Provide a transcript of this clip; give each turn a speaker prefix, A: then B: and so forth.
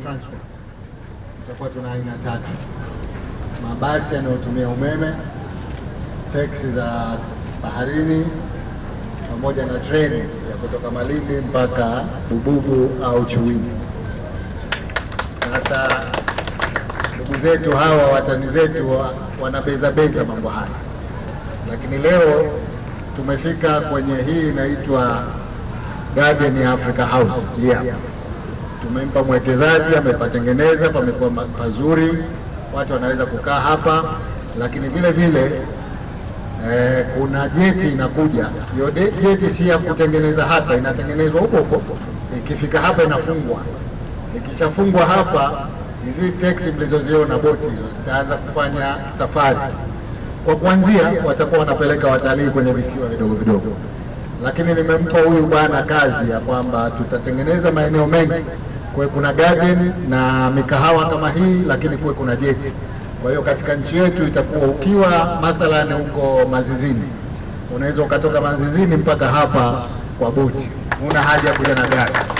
A: Transport tutakuwa tuna aina tatu: mabasi yanayotumia umeme, teksi za baharini, pamoja na treni ya kutoka Malindi mpaka Bububu au chuwini Sasa ndugu zetu hawa watani zetu wanabezabeza mambo haya, lakini leo tumefika kwenye hii inaitwa Garden Africa House yeah tumempa mwekezaji, amepatengeneza, pamekuwa pazuri, watu wanaweza kukaa hapa, lakini vile vile eh, kuna jeti inakuja. Hiyo jeti si ya kutengeneza hapa, inatengenezwa huko huko, ikifika hapa inafungwa. Ikishafungwa hapa, hizi teksi mlizoziona boti hizo zitaanza kufanya safari. Kwa kuanzia, watakuwa wanapeleka watalii kwenye visiwa vidogo vidogo lakini nimempa huyu bwana kazi ya kwamba tutatengeneza maeneo mengi kuwe kuna garden na mikahawa kama hii, lakini kuwe kuna jeti. Kwa hiyo katika nchi yetu itakuwa ukiwa mathalan huko Mazizini, unaweza ukatoka Mazizini mpaka hapa kwa boti, una haja kuja na gari.